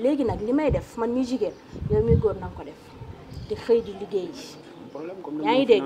légui nak limay def man mi jigen yow mi góor nang ko def te xey di liggéey yaa ngi dégg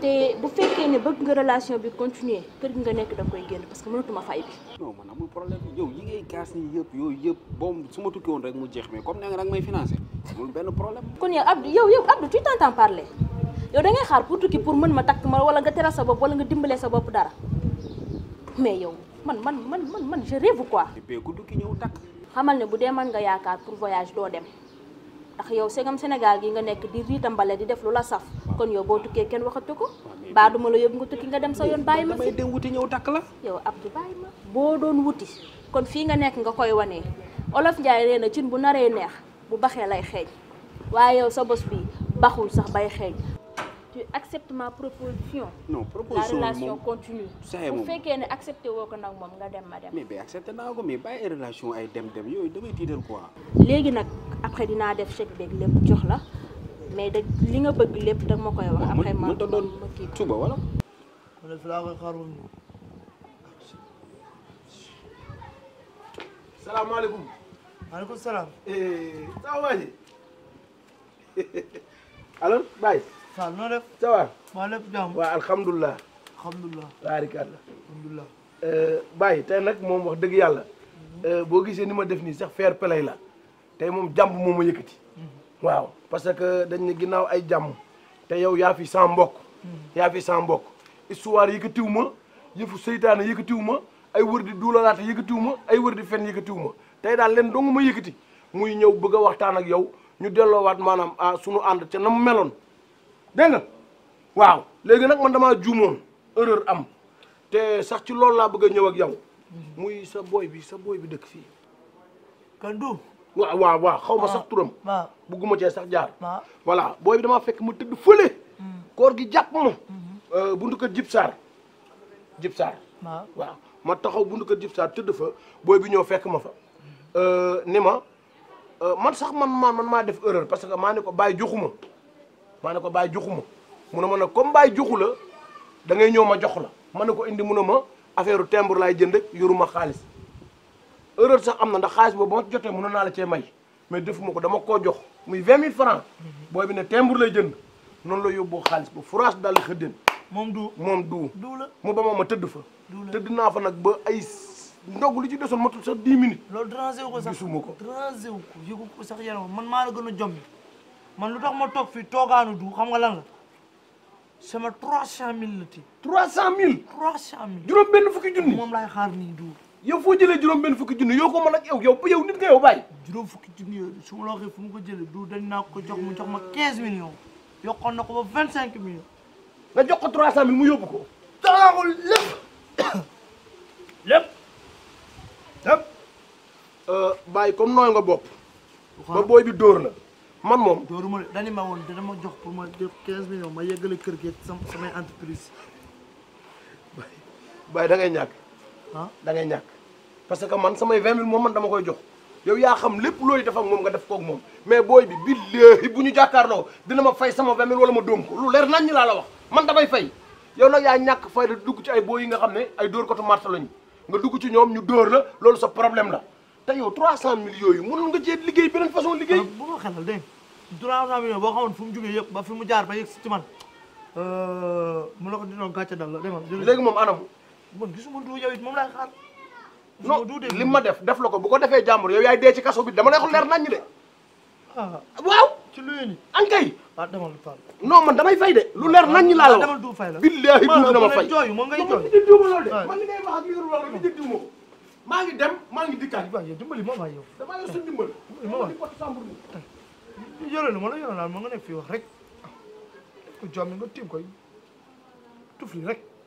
te bu fekkee ne bëgg nga relation bi continuer kër gi nga nekk da koy génn parce que mënatuma fay bi non man amul problème yow yi kaas ni yëpp yooyu yëpp boom su tukki woon rek mu jeex mais comme nga rek may financé amul benn problème kon yow Abdou yow yow Abdou tu t'entends parler yow da ngay xaar pour tukki pour mën ma ma wala nga sa wala nga sa dara mais yow man man man man man je rêve quoi ku tukki ñëw takk xamal ne bu dee mën nga yaakaar pour voyage doo dem ndax yow segam Sénégal gi nga nekk di riitambale di def lu la saf kon yow boo tukkee kenn waxatu ko baa duma la yóbbu nga tukki nga dem sa yoon bàyyi ma fi dem wuti ñëw takk la yow Abdou bàyyi ma boo doon wuti kon fii nga nekk nga koy wanee olof Njaay nee na cin bu naree neex bu baxee lay xeeñ waaye yow sa bos bi baxul sax bay xeeñ tu acceptes ma proposition. non proposition la relation continue. saa yi moom bu fekkee ne accepté woo ko nag moom nga dem ma dem. mais mais ben, accepté naa ko mais bàyyi ay relation ay dem-dem yooyu damay tiital quoi. léegi nag après dinaa def chèque beeg lépp jox la mais da li nga bëgg lépp da ma koy wax. après ma ma doon suba wala. wala fi laa Salam xaroon. salaamaaleykum. maaleykum salaam. Eh, ça va. alors Baye. Fall noo def. ça waa lépp jàmm alhamdulilah. alhamdulilah baarikàlla. alhamdulilah. Euh, Baye tey nag moom wax dëgg yàlla. Euh, boo gisee ni ma def nii sax fair play la tey moom jàmm moo ma yëkkati. Mm-hmm. waaw parce que dañ ne ginnaaw ay jàmm te yow yaa fi sans mbokk. Mm-hmm. yaa fi sans mbokk histoire yëkkatiw ma yëfu seytaane yëkkatiw ma ay wër di duulalaate yëkkatiw ma ay wër di fen yëkkatiw ma tey daal leen dong ma yëkkati muy ñëw bëgg a waxtaan ak yow ñu delloowaat maanaam ah sunu ànd ca na mu meloon. Deng, wow, lagi nak nag man damaa juumoon erreur am te sax ci loolu laa bëgg ñëw ak yow muy sa boy bi sa bi dëkk Kandu. Wah wah wah. Kau masak turam. waaw bugguma cee sax jaar. waaw voilà boy bi damaa fekk ma tëdd fële. Hmm. koor gi jàpp ma. Hmm. Euh, buntu ke jipsar, jipsar, wah, mata kau ma taxaw buntu kër Jib Sarr fa booy bi ñëw fekk ma fa. Euh, euh, man man man def erreur parce que maa ne maa ne ko baay joxu ma mu ne ma nag comme bàyyi joxu la dangay ñëw ma jox la ma ne ko indi mun ne ma affaire timbre laay jënd yoruma xaalis erreur sax am na ndax xaalis boobu ba ma jotee mënoon naa la cee may mais defuma ko dama koo jox muy vingt mille francs booy bi ne timbre lay jënd noonu la yóbboo xaalis ba France daal di xëddeen moom du moom du la mu ba ma tëdd fa tëdd naa fa nag ba ay ndog lu ci desoon matul sax dix minutes loolu dérangé wu ko sax gisuma ko dérangé wu ko yëgu man maa la gën a jommi man lutax ma tok fi toogaanu du xam nga lan la sama trois cent mille 300000 tey. trois cent fukki junni. mom lay xaar ni du. yow fo jele juróom ben fukki junni yow ko ma nak yow yow yow nit nga yow bay juróom fukki junni su ma la waxee fu mu ko jele du dañ na ko jox mu jox ma 15 millions yokon nako ba 25 millions. nga jox ko 300000 mu yob ko. taxul lepp lepp lepp euh bay comme noy nga bop ba boy bi dóor na man mom dooru ma dani ma won dana ma jox pour ma def 15 millions ma yeggale keur gi sama samay entreprise. bay da ngay ñak han da ngay ñak parce que man sama 20 mille moom man dama koy jox yow ya xam lepp loy def ak mom nga def ko ak mom mais boy bi billahi bu ñu jàkkaarloo dina ma fay sama 20 mille wala ma dóom ko lu leer nañ ñu laa la wax man da bay fay yow nak ya ñak fay da dugg ci ay boy yi nga xamne ne ay dóor kotu marta lañu nga dugg ci ñom ñu door la lolu sa problème la. 300 mille yooyu mënoon nga cee liggéey beneen façon liggéey. Ah, bu ma xelal dégg 300 mille boo xamoon fu mu jugee yëpp ba fi mu jaar ba yëg ci man euh, mu la ko dinoon gàcce dal la anam. man gisuma du xaar. non def def la bu ko defee jàmbur yow yaay dee ci kaso bi dama de. Ah, waaw. ci lu yéen ankay. ah demal du fay. non man fay de. lu leer ah, naññ laa la wax. demal du fay la. fay. man ngay wax ak li wax maa ngi dem maa ngi dikkaat. waaw yow dimbali ma waay yow. damaa yor suñu dimbal. dimbali ma waay dimbali porte chambre bi. yore lu ma la laal ma nga nekk fii wax rek ko jom nga nga ko koy tufli rek.